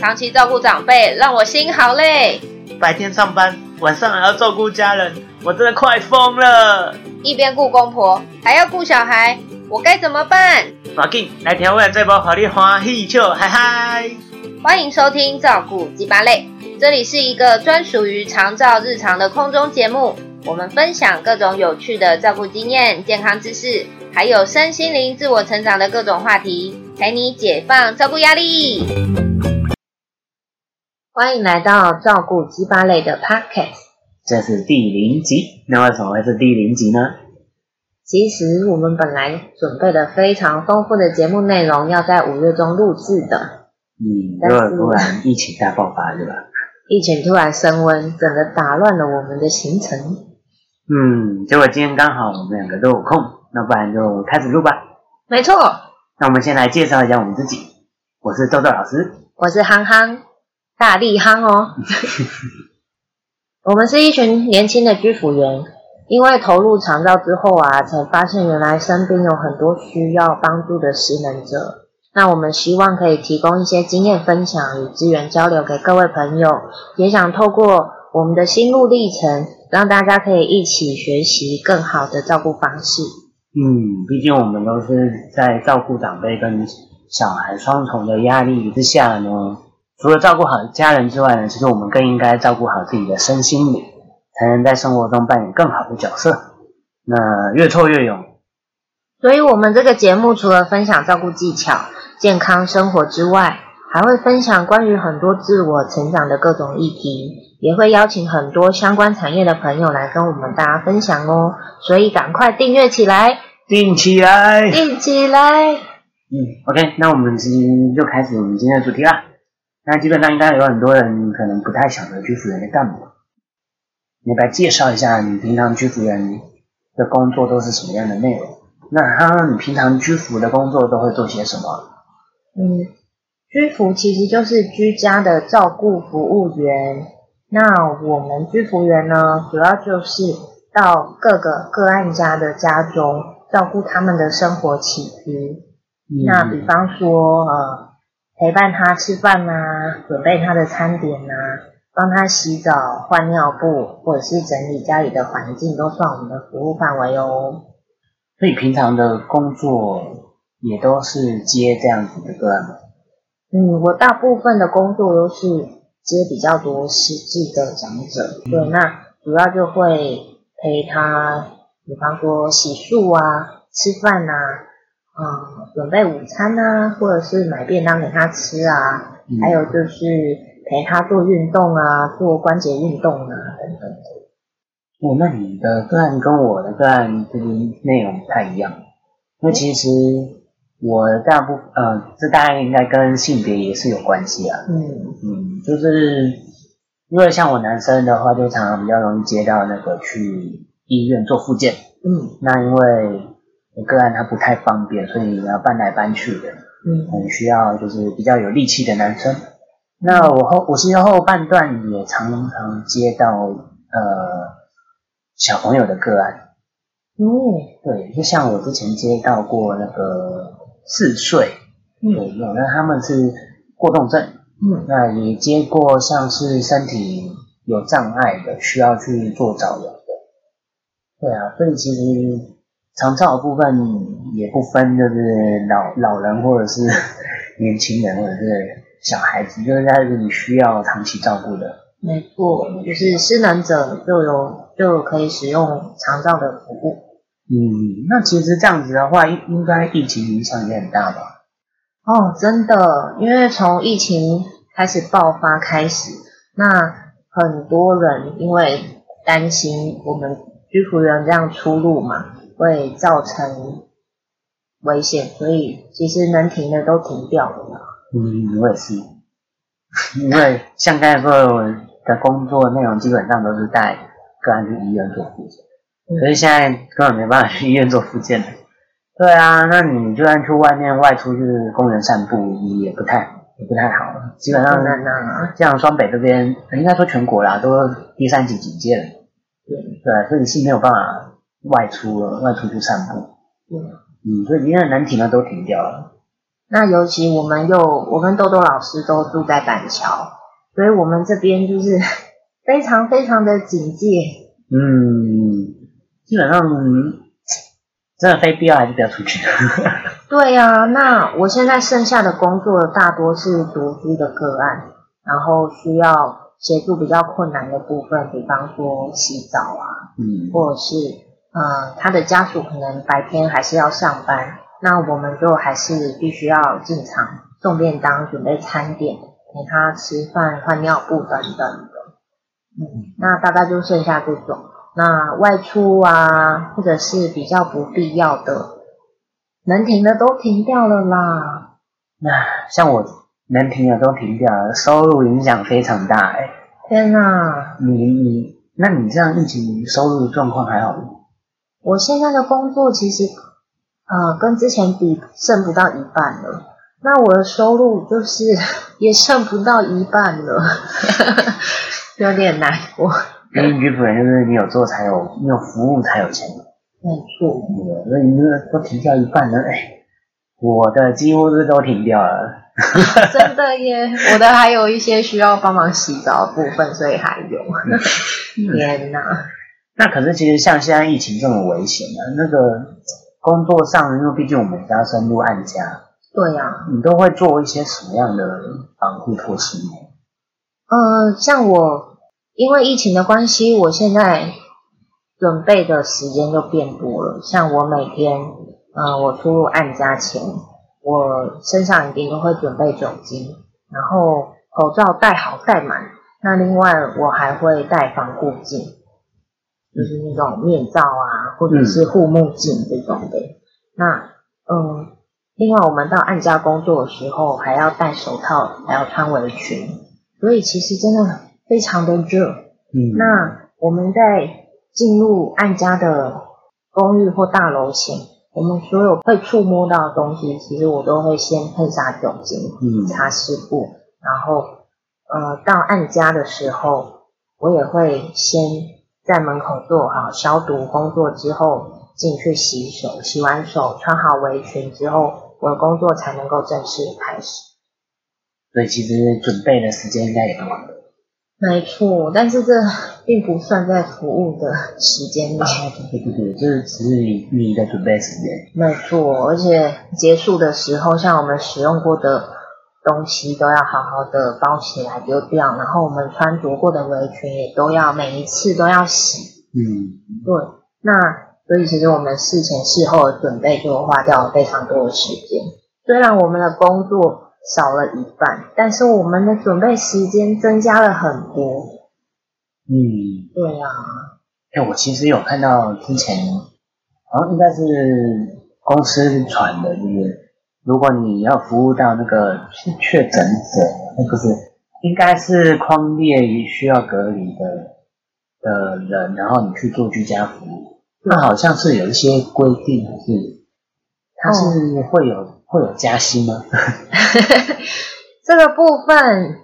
長期照顧長輩，讓我心好累。白天上班，晚上還要照顧家人，我真的快瘋了。一邊顧公婆，還要顧小孩，我該怎麼辦法 a 來調味這包好聽花嘿咻，嗨嗨！歡迎收聽照顧幾罷累，這裡是一個專屬於長照日常的空中節目，我們分享各種有趣的照顧經驗、健康知識。還有身心靈、自我成長的各種話題，陪你解放照顧壓力。歡迎來到照顧幾罷累的 podcast。這是第零集，那為什麼會是第零集呢？其實我們本來準備了非常豐富的節目內容，要在五月中錄製的。嗯，但是，如果突然疫情大爆發，對吧？疫情突然升溫，整個打亂了我們的行程。嗯，結果今天剛好我們兩個都有空。那不然就開始錄吧，沒錯。沒錯，那我們先來介紹一下我們自己。我是豆豆老師，我是夯夯，大力夯哦。 我們是一群年輕的居服員，因為投入長照之後啊，才發現原來身邊有很多需要幫助的失能者。那我們希望可以提供一些經驗分享與資源交流給各位朋友，也想透過我們的心路歷程，讓大家可以一起學習更好的照顧方式。嗯，畢竟我們都是在照顧長輩跟小孩雙重的壓力之下呢，除了照顧好家人之外呢，其實我們更應該照顧好自己的身心靈，才能在生活中扮演更好的角色。那越挫越勇。所以，我們這個節目除了分享照顧技巧、健康生活之外，還會分享關於很多自我成長的各種議題。也會邀請很多相關產業的朋友來跟我們大家分享哦，所以趕快訂閱起來，訂起來，訂起來。嗯，OK，那我們今天就開始我們今天的主題啦。那基本上應該有很多人可能不太曉得居服員在幹嘛？你來介紹一下你平常居服員的工作都是什麼樣的內容？那他讓你平常居服的工作都會做些什麼？嗯，居服其實就是居家的照顧服務員。那我們居服員呢，主要就是到各個個案家的家中，照顧他們的生活起居。嗯、那比方說，呃，陪伴他吃飯啊，準備他的餐點吶、啊，幫他洗澡、換尿布，或者是整理家裡的環境，都算我們的服務範圍哦。所以平常的工作也都是接這樣子的個案嗎？嗯，我大部分的工作都、就是。接比較多失智的長者，對，那主要就會陪他，比方說洗漱啊、吃飯啊，嗯，準備午餐啊，或者是買便當給他吃啊，還有就是陪他做運動啊，嗯、做關節運動啊，等等我、哦、那你的個案跟我的個案就是內容不太一樣，嗯、那其實。我大部呃這大概應該跟性別也是有關係啊。嗯嗯，就是因為像我男生的話，就常常比較容易接到那個去醫院做復健。嗯，那因為個案他不太方便，所以你要搬來搬去的。嗯，很、嗯、需要就是比較有力氣的男生。那我後我其實後半段也常常接到呃小朋友的個案。嗯，對，就像我之前接到過那個。四歲嗯，有的，那他們是過動症。嗯，那你接過像是身體有障礙的，需要去做早療的？對啊，所以其實長照的部分也不分，就是老老人，或者是年輕人，或者是小孩子，就是是你需要長期照顧的。沒錯，就是失能者就有就有可以使用長照的服務。嗯，那其實這樣子的話，應應該疫情影響也很大吧？哦，真的，因為從疫情開始爆發開始，那很多人因為擔心我們居服員，這樣出入嘛，會造成危險，所以其實能停的都停掉了。嗯，我也是， 因為像剛才說的，我的工作內容基本上都是在個案醫院做護士。所以、嗯、現在根本沒辦法去醫院做復健的，對啊，那你，你就算去外面外出，就是公園散步也，也不太也不太好。基本上那，那，那這樣，雙北這邊應該說全國啦，都第三級警戒了。對，對，所以是沒有辦法外出了，外出去散步，嗯。嗯，所以能停的都停掉了、嗯。那尤其我們又，我跟豆豆老師都住在板橋，所以我們這邊就是非常非常的警戒。嗯。基本上，嗯，真的非必要還是不要出去。 對啊，那我現在剩下的工作大多是獨居的個案，然後需要協助比較困難的部分，比方說洗澡啊，嗯，或者是，呃，他的家屬可能白天還是要上班，那我們就還是必須要進場送便當、準備餐點、給他吃飯、換尿布等等的。嗯，那大概就剩下這種。那外出啊，或者是比較不必要的，能停的都停掉了啦。那像我能停的都停掉了，收入影響非常大，欸。哎、啊，天哪！你你，那你這樣疫情收入狀況還好嗎？我現在的工作其實，呃，跟之前比剩不到一半了。那我的收入就是也剩不到一半了， 就有點難過。對因為本來就是你有做才有，你有服務才有錢。沒錯，那你說都停掉一半了。哎，我的幾乎都是都停掉了。真的耶， 我的還有一些需要幫忙洗澡的部分，所以還有。 天吶哪，那可是其實像現在疫情這麼危險啊，那個工作上，因為畢竟我們家深度案家。對呀、啊。你都會做一些什麼樣的防護措施呢？嗯、呃，像我。因為疫情的關係，我現在準備的時間就變多了。像我每天，嗯、呃，我出入案家前，我身上一定都會準備酒精，然後口罩戴好戴滿。那另外，我還會戴防護鏡，就是那種面罩啊，或者是護目鏡這種的。嗯那嗯，另外，我們到案家工作的時候，還要戴手套，還要穿圍裙。所以，其實真的很。非常的熱，嗯，那我們在進入案家的公寓或大樓前，我們所有會觸摸到的東西，其實我都會先噴灑酒精，嗯，擦拭布，然後，呃，到案家的時候，我也會先在門口做好消毒工作之後，進去洗手，洗完手穿好圍裙之後，我的工作才能夠正式開始。對，其實準備的時間應該也晚了。沒錯，但是這並不算在服務的時間內。啊，對對對，這是只是你你在準備時間。沒錯，而且結束的時候，像我們使用過的東西都要好好的包起來丟掉，然後我們穿着過的圍裙也都要每一次都要洗。嗯，對。那所以其實我們事前事後的準備就花掉了非常多的時間，雖然我們的工作，少了一半，但是我們的準備時間增加了很多。嗯，對呀、啊。哎、欸，我其實有看到之前，好像應該是公司傳的，就是如果你要服務到那個確診者，那不是應該是匡列於需要隔離的的人，然後你去做居家服務，對那好像是有一些規定，還是它是會有。會有加薪嗎？ 這個部分，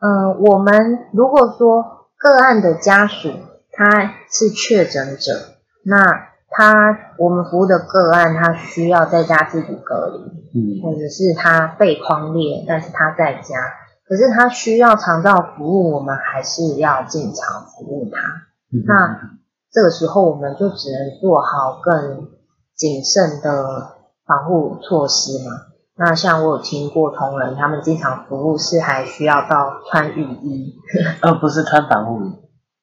嗯、呃，我們如果說個案的家屬他是確診者，那他我們服務的個案他需要在家自己隔離，嗯，或者是他被框列，但是他在家，可是他需要長照服務，我們還是要進場服務他。嗯、那這個時候我們就只能做好更謹慎的。防護措施嘛，那像我有聽過同仁他們經常服務時還需要到穿雨衣，呃，不是穿防護衣，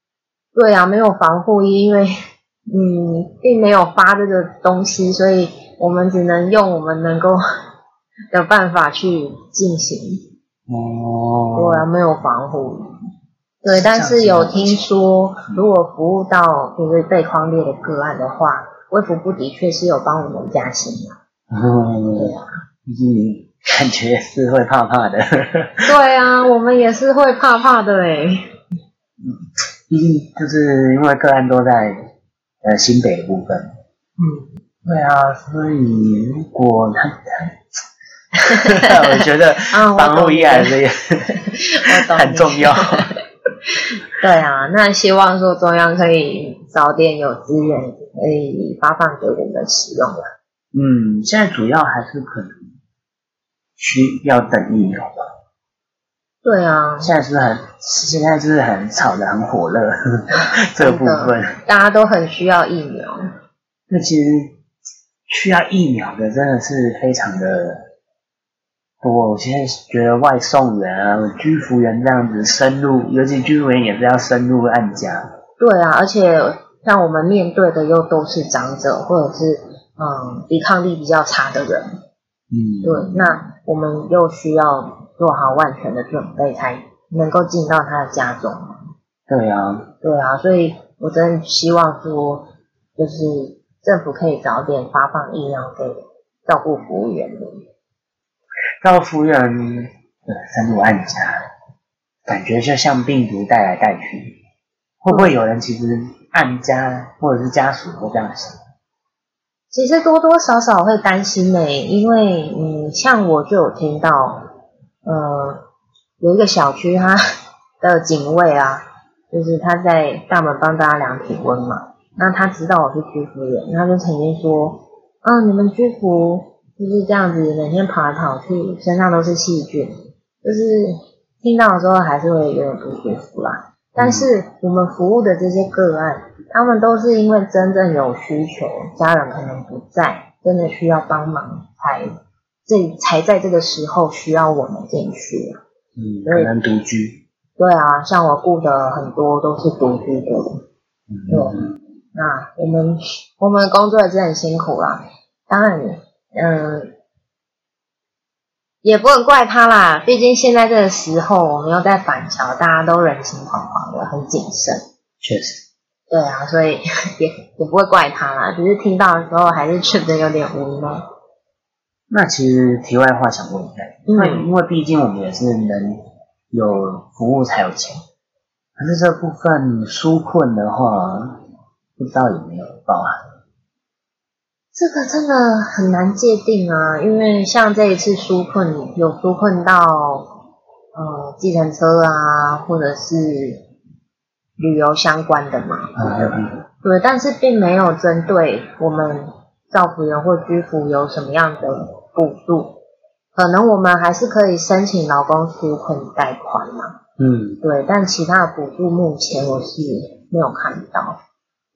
對啊，沒有防護衣，因為嗯並沒有發這個東西，所以我們只能用我們能夠的辦法去進行哦，果然、嗯啊、沒有防護衣，對，是但是有聽說、嗯、如果服務到因為被匡列的個案的話，衛福部的確是有幫我們加薪嗯，畢竟感覺是會怕怕的。對啊，我們也是會怕怕的嘞、欸。畢竟就是因為個案都在呃新北部分。嗯，對啊，所以如果他， 我覺得防護衣也是很重要。 對啊，那希望說中央可以早點有資源可以發放給我們使用了。嗯，現在主要還是可能需要等疫苗吧。對啊，現在是很，現在就是很吵得很火熱的這個部分，大家都很需要疫苗。那其實需要疫苗的真的是非常的多。我現在覺得外送員啊、居服員這樣子深入，尤其居服員也是要深入案家。對啊，而且像我們面對的又都是長者或者是。嗯，抵抗力比較差的人，嗯，對，那我們又需要做好萬全的準備，才能夠進到他的家中。對啊，對啊，所以我真的希望說，就是政府可以早點發放醫療費，照顧服務員。照顧服務員，對，深入案家，感覺就像病毒帶來帶去，會不會有人其實案家或者是家屬會這樣想？其實多多少少會擔心呢，因為嗯，像我就有聽到，呃，有一個小區他的警衛啊，就是他在大門幫大家量體溫嘛，那他知道我是居服人，他就曾經說，啊，你們居服就是這樣子，每天跑來跑去，身上都是細菌，就是聽到的時候還是會有點不舒服啦、啊。但是我們服務的這些個案。他們都是因為真正有需求，家人可能不在，真的需要幫忙才，這才在這個時候需要我們進去。嗯，可能獨居。對啊，像我顧的很多都是獨居的。嗯。對。那我們我們工作真的很辛苦啦、啊。當然，嗯，也不能怪他啦。畢竟現在這個時候，我們又在板橋，大家都人心惶惶的，很謹慎。確實。對啊，所以也也不會怪他啦，只是聽到的時候還是覺得有點無奈。那其實題外話想問一下，因為、嗯、因為畢竟我們也是人，有服務才有錢，可是這部分紓困的話，不知道有沒有包含？這個真的很難界定啊，因為像這一次紓困有紓困到呃，計程車啊，或者是。旅遊相關的嘛，對，但是並沒有針對我們照服員或居服有什麼樣的補助，嗯、可能我們還是可以申請勞工紓困貸款嘛。嗯，對，但其他的補助目前我是沒有看到。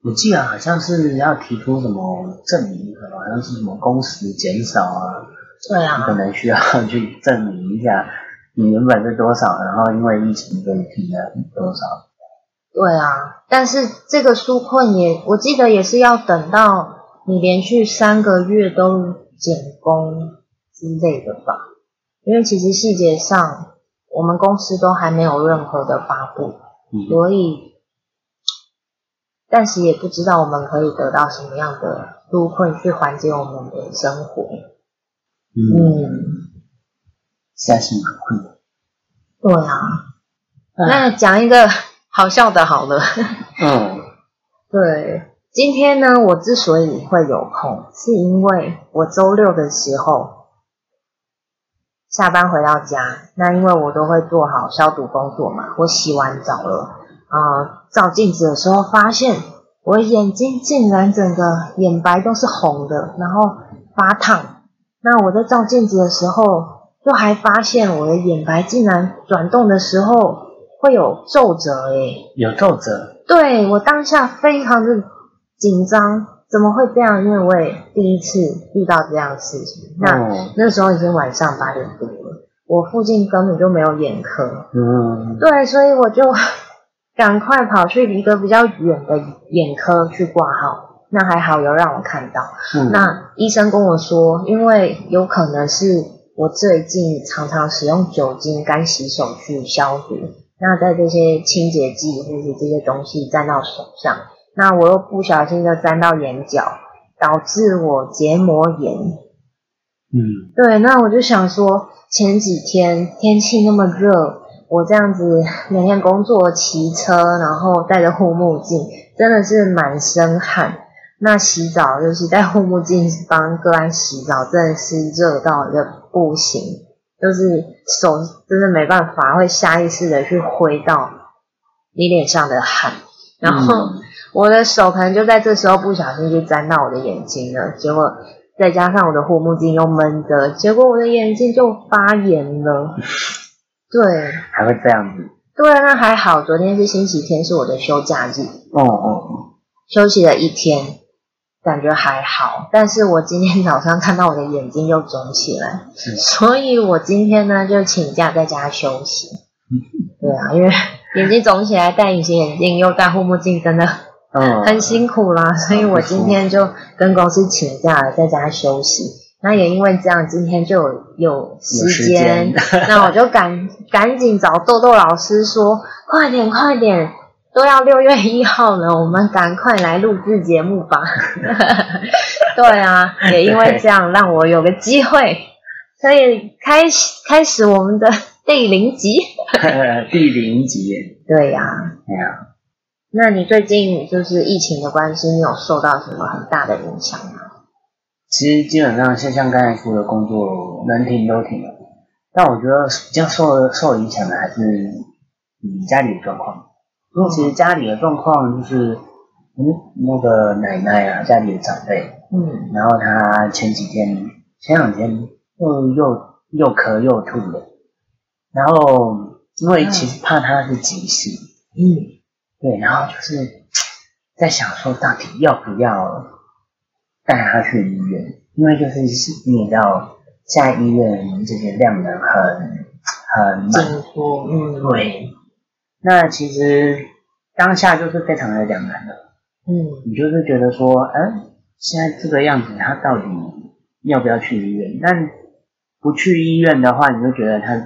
我記得好像是要提出什麼證明的，好像是什麼工時減少啊，對啊，你可能需要去證明一下你原本是多少，然後因為疫情被停了多少。對啊，但是這個紓困也，我記得也是要等到你連續三個月都減工之類的吧，因為其實細節上我們公司都還沒有任何的發布，嗯、所以，暫時也不知道我們可以得到什麼樣的紓困去緩解我們的生活。嗯，相信很困難。對啊，嗯、那講一個。好笑的，好了。嗯， 對，今天呢，我之所以會有空，是因為我週六的時候下班回到家，那因為我都會做好消毒工作嘛，我洗完澡了，啊、呃、照鏡子的時候，發現我眼睛竟然整個眼白都是紅的，然後發燙。那我在照鏡子的時候，就還發現我的眼白竟然轉動的時候。會有皺褶誒、欸，有皺褶對。對，我當下非常的緊張，怎麼會這樣？因為我也第一次遇到這樣的事情。嗯、那那時候已經晚上八點多了，我附近根本就沒有眼科。嗯，對，所以我就趕快跑去一個比較遠的眼科去掛號。那還好有讓我看到，嗯、那醫生跟我說，因為有可能是我最近常常使用酒精乾洗手去消毒。那在這些清潔劑或者是這些東西沾到手上，那我又不小心就沾到眼角，導致我結膜炎。嗯，對，那我就想說，前幾天天氣那麼熱，我這樣子每天工作騎車，然後戴着護目鏡，真的是滿身汗。那洗澡，就是戴護目鏡幫個案洗澡，真的是熱到的不行。就是手真的沒辦法，會下意識的去揮到你臉上的汗，嗯、然後我的手可能就在這時候不小心就沾到我的眼睛了，結果再加上我的護目鏡又悶的，結果我的眼睛就發炎了。對，還會這樣子？對，那還好，昨天是星期天，是我的休假日，哦哦哦，休息了一天。感覺還好，但是我今天早上看到我的眼睛又腫起來，是所以我今天呢就請假在家休息。嗯、對啊，因為眼睛腫起來，戴隱形眼鏡又戴護目鏡，真的，嗯、很辛苦啦。嗯、所以我今天就跟公司請假了，在家休息。嗯、那也因為這樣，今天就有，有時間，時間 那我就趕趕緊找豆豆老師說，快點，快點。都要六月一號呢，我們趕快來錄制節目吧。 對啊，也因為這樣讓我有個機會可對以開始開始我們的第零集。第、呃、零集，對呀、啊。對呀、啊。那你最近就是疫情的關係，你有受到什麼很大的影響嗎？其實基本上，像像剛才說的工作能停都停了，但我覺得比較受受影響的還是你家裡的狀況。因為其實家裡的狀況就是，嗯，嗯，那個奶奶啊，家裡的長輩，嗯，然後他前幾天、前兩天又又又咳又吐的，然後因為其實怕他是急性，嗯，嗯，對，然後就是在想說到底要不要帶他去醫院，因為就是你知道在醫院這些量能很很滿，嗯，對。那其實當下就是非常的兩難了，嗯，你就是覺得說，誒、呃、現在這個樣子，他到底要不要去醫院？但不去醫院的話，你就覺得他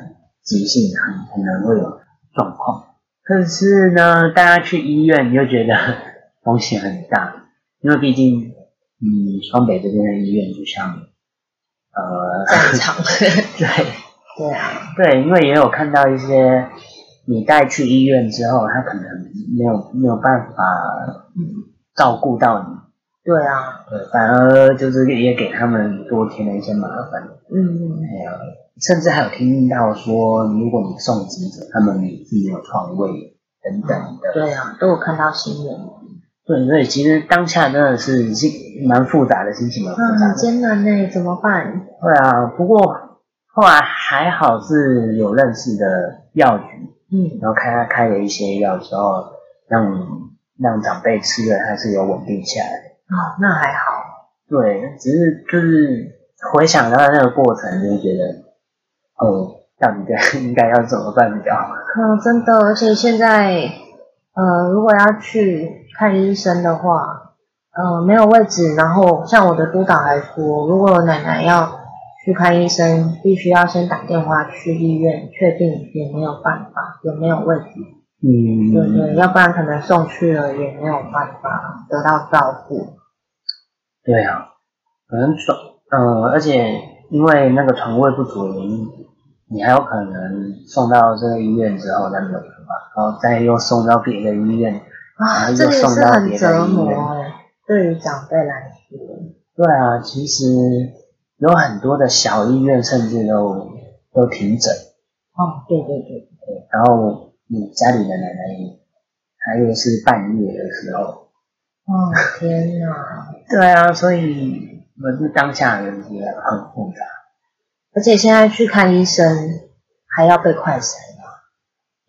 急性很可能會有狀況。可是呢，大家去醫院，你就覺得風險很大，因為畢竟，嗯，雙北這邊的醫院就像，呃，戰場 對，對對啊，對，因為也有看到一些。你帶去醫院之後，他可能沒有沒有辦法照顧到你、嗯。對啊，對，反而就是也給他們多添了一些麻煩。嗯，還有、嗯，甚至還有聽到說，如果你送急診，他們也是有床位等等的、嗯。對啊，都有看到新聞。對，所以其實當下真的是已經蠻複雜的心情的、嗯，很艱難的、欸，怎麼辦？對啊，不過後來還好是有認識的藥局。嗯，然後看他開了一些藥之後，讓讓長輩吃了，他是有穩定下來。哦，那還好。對，只是就是回想到他那個過程，就是覺得，哦，到底該應該要怎麼辦比較好？可能、嗯、真的，而且現在，呃，如果要去看醫生的話，呃，沒有位置。然後，像我的督導還說，如果我奶奶要，去看醫生必須要先打電話去醫院，確定有沒有辦法，有沒有問題。嗯，對，對對，要不然可能送去了也沒有辦法得到照顧。對啊，可能床呃，而且因為那個床位不足的原因，你還有可能送到這個醫院之後再沒有辦法，然後再又送到別的醫院，啊，然後又送到別的醫院，這也是很折磨欸。對於長輩來說，對啊，其實。有很多的小醫院甚至都都停診。哦，對對對，對。對，然後你家裡的奶奶，還有是半夜的時候。哦，天哪！對啊，所以我們當下人也很複雜。而且現在去看醫生還要被快篩。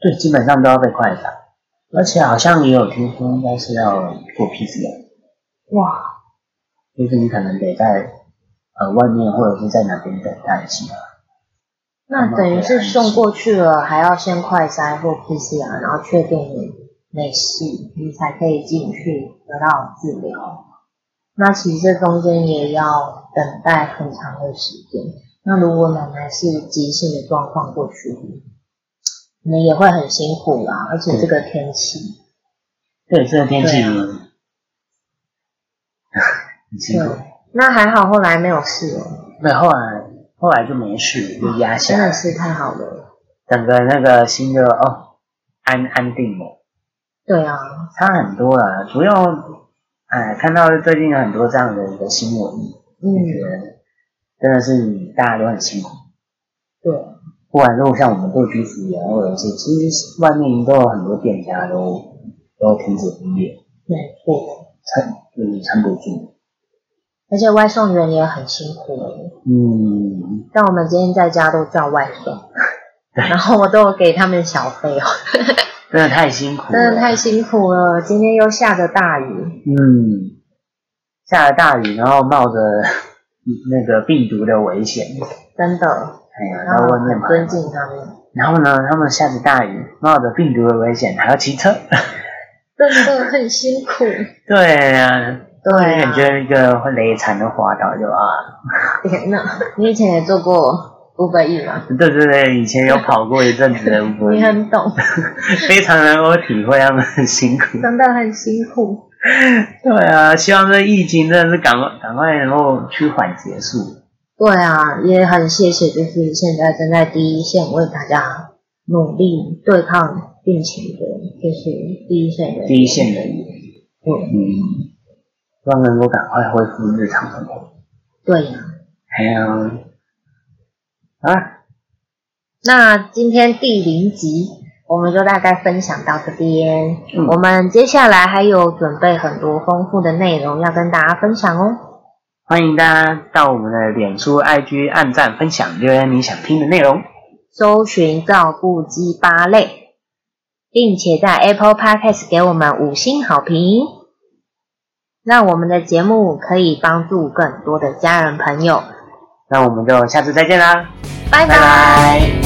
對，基本上都要被快篩。而且好像也有聽說，應該是要做 PCR。哇！就是你可能得在。呃，外面或者是在哪邊等待一下，啊，那等於是送過去了，還要先快篩或 PCR，然後確定你沒事，你才可以進去得到治療。那其實這中間也要等待很長的時間。那如果奶奶是急性的狀況過去，你也會很辛苦啦，啊。而且這個天氣，對這個天氣很辛苦。那還好，後來沒有事哦。對，後來後來就沒事，就壓下。真的是太好了。整個那個心就哦安安定了。對啊，差很多了。主要哎，看到最近有很多這樣的一個新聞，嗯，真的是大家都很辛苦。對。不管如果像我們做居服員或者是，其實外面都有很多店家都都停止營業。沒錯。撐就是撐不住。而且外送員也很辛苦了。嗯。但我們今天在家都叫外送，對然後我都有給他們小費哦。真的太辛苦了，真的太辛苦了。今天又下着大雨。嗯。下着大雨，然後冒着那個病毒的危險。真的。哎呀，在外面很尊敬他們。然後呢，他們下着大雨，冒着病毒的危險，還要騎車。真的很辛苦。對呀、啊。對啊，你感覺那個累慘的滑倒就啊！天哪，你以前也做過五百億嗎？對對對，以前有跑過一陣子五百億。 你很懂，非常能夠體會他們很辛苦。真的很辛苦。對啊，希望這疫情真的是趕快趕快能夠趨緩結束。對啊，也很謝謝，就是現在正在第一線為大家努力對抗病情的，就是第一線的。第一線的，我對嗯。讓能夠趕快恢復日常生活。對。還有啊，啊那今天第零集我們就大概分享到這邊，嗯嗯。我們接下來還有準備很多豐富的內容要跟大家分享哦。歡迎大家到我們的臉書、IG 按讚、分享、留言，你想聽的內容。搜尋“照顧雞八類”，並且在 Apple Podcast 給我們五星好評。讓我們的節目可以幫助更多的家人朋友，那我們就下次再見啦，拜拜。拜拜。